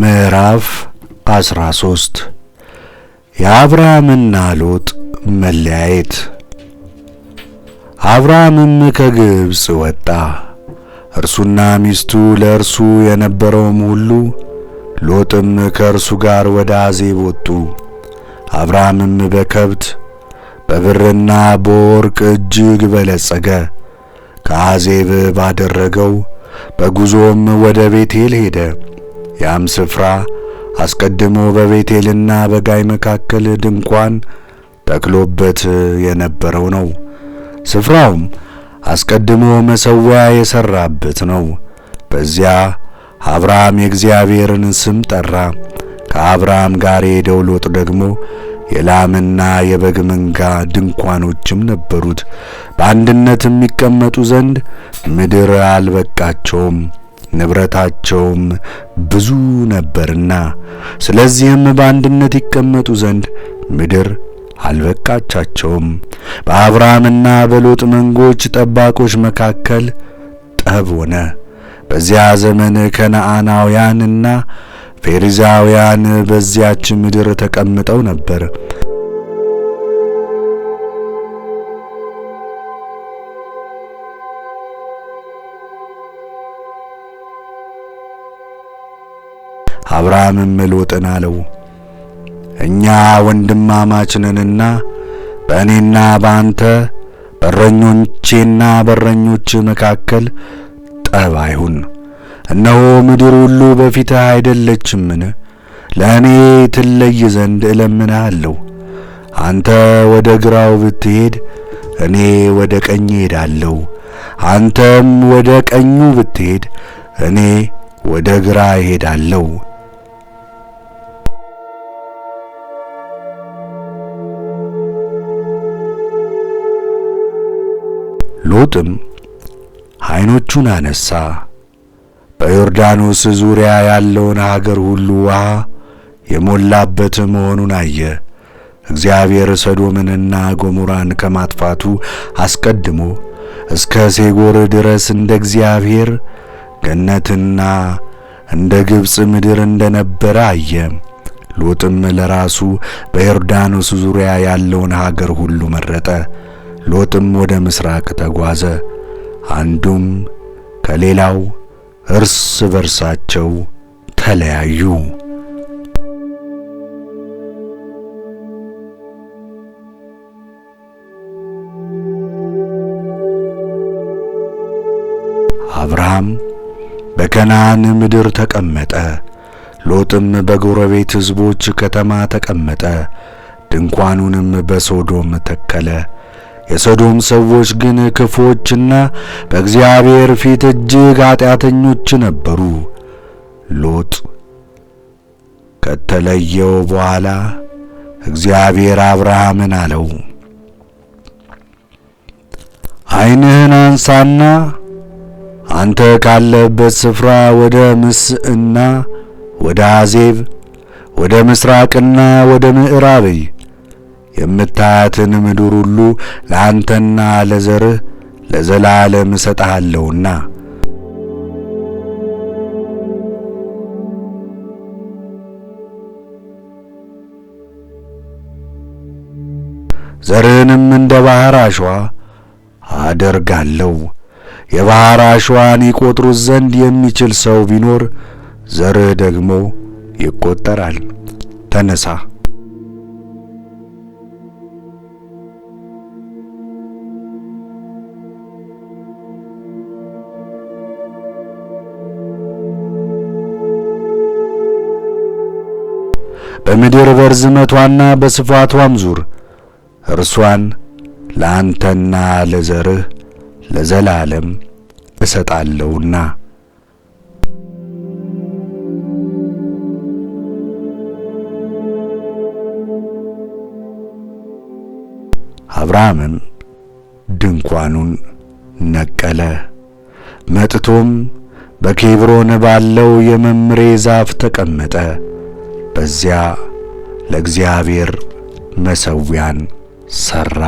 ምዕራፍ 13 የአብርሃምና ሎጥ መለያየት። አብርሃምም ከግብፅ ወጣ፣ እርሱና ሚስቱ ለእርሱ የነበረውም ሁሉ። ሎጥም ከእርሱ ጋር ወደ አዜብ ወጡ። አብርሃምም በከብት በብርና በወርቅ እጅግ በለጸገ። ከአዜብ ባደረገው በጉዞም ወደ ቤቴል ሄደ። ያም ስፍራ አስቀድሞ በቤቴልና በጋይ መካከል ድንኳን ተክሎበት የነበረው ነው። ስፍራውም አስቀድሞ መሠዊያ የሠራበት ነው። በዚያ አብርሃም የእግዚአብሔርን ስም ጠራ። ከአብርሃም ጋር የሄደው ሎጥ ደግሞ የላምና የበግ መንጋ ድንኳኖችም ነበሩት። በአንድነትም ይቀመጡ ዘንድ ምድር አልበቃቸውም። ንብረታቸውም ብዙ ነበርና፣ ስለዚህም በአንድነት ይቀመጡ ዘንድ ምድር አልበቃቻቸውም። በአብርሃምና በሎጥ መንጎች ጠባቆች መካከል ጠብ ሆነ። በዚያ ዘመን ከነዓናውያንና ፌሪዛውያን በዚያች ምድር ተቀምጠው ነበር። አብርሃምም ሎጥን አለው፣ እኛ ወንድማማች ነንና በእኔና በአንተ በረኞቼና በረኞች መካከል ጠብ አይሁን። እነሆ ምድር ሁሉ በፊትህ አይደለችምን? ለእኔ ትለይ ዘንድ እለምንሃለሁ። አንተ ወደ ግራው ብትሄድ እኔ ወደ ቀኝ እሄዳለሁ፣ አንተም ወደ ቀኙ ብትሄድ እኔ ወደ ግራ እሄዳለሁ። ሎጥም ዓይኖቹን አነሳ፣ በዮርዳኖስ ዙሪያ ያለውን አገር ሁሉ ውሃ የሞላበት መሆኑን አየ። እግዚአብሔር ሰዶምንና ገሞራን ከማጥፋቱ አስቀድሞ እስከ ሴጎር ድረስ እንደ እግዚአብሔር ገነትና እንደ ግብፅ ምድር እንደነበረ አየ። ሎጥም ለራሱ በዮርዳኖስ ዙሪያ ያለውን ሀገር ሁሉ መረጠ። ሎጥም ወደ ምስራቅ ተጓዘ። አንዱም ከሌላው እርስ በርሳቸው ተለያዩ። አብርሃም በከነዓን ምድር ተቀመጠ። ሎጥም በጎረቤት ሕዝቦች ከተማ ተቀመጠ። ድንኳኑንም በሶዶም ተከለ። የሰዶም ሰዎች ግን ክፉዎችና በእግዚአብሔር ፊት እጅግ ኃጢአተኞች ነበሩ። ሎጥ ከተለየው በኋላ እግዚአብሔር አብርሃምን አለው፣ ዓይንህን አንሳና አንተ ካለበት ስፍራ ወደ ምስእና ወደ አዜብ ወደ ምስራቅና ወደ ምዕራብይ የምታያትን ምድር ሁሉ ለአንተና ለዘርህ ለዘላለም እሰጥሃለሁና ዘርህንም እንደ ባሕር አሸዋ አደርጋለሁ። የባሕር አሸዋን ይቈጥሩት ዘንድ የሚችል ሰው ቢኖር ዘርህ ደግሞ ይቈጠራል። ተነሳ በምድር በርዝመቷና በስፋቷም ዙር እርሷን ለአንተና ለዘርህ ለዘላለም እሰጣለሁና። አብርሃምም ድንኳኑን ነቀለ። መጥቶም በኬብሮን ባለው የመምሬ ዛፍ ተቀመጠ። በዚያ ለእግዚአብሔር መሠዊያን ሠራ።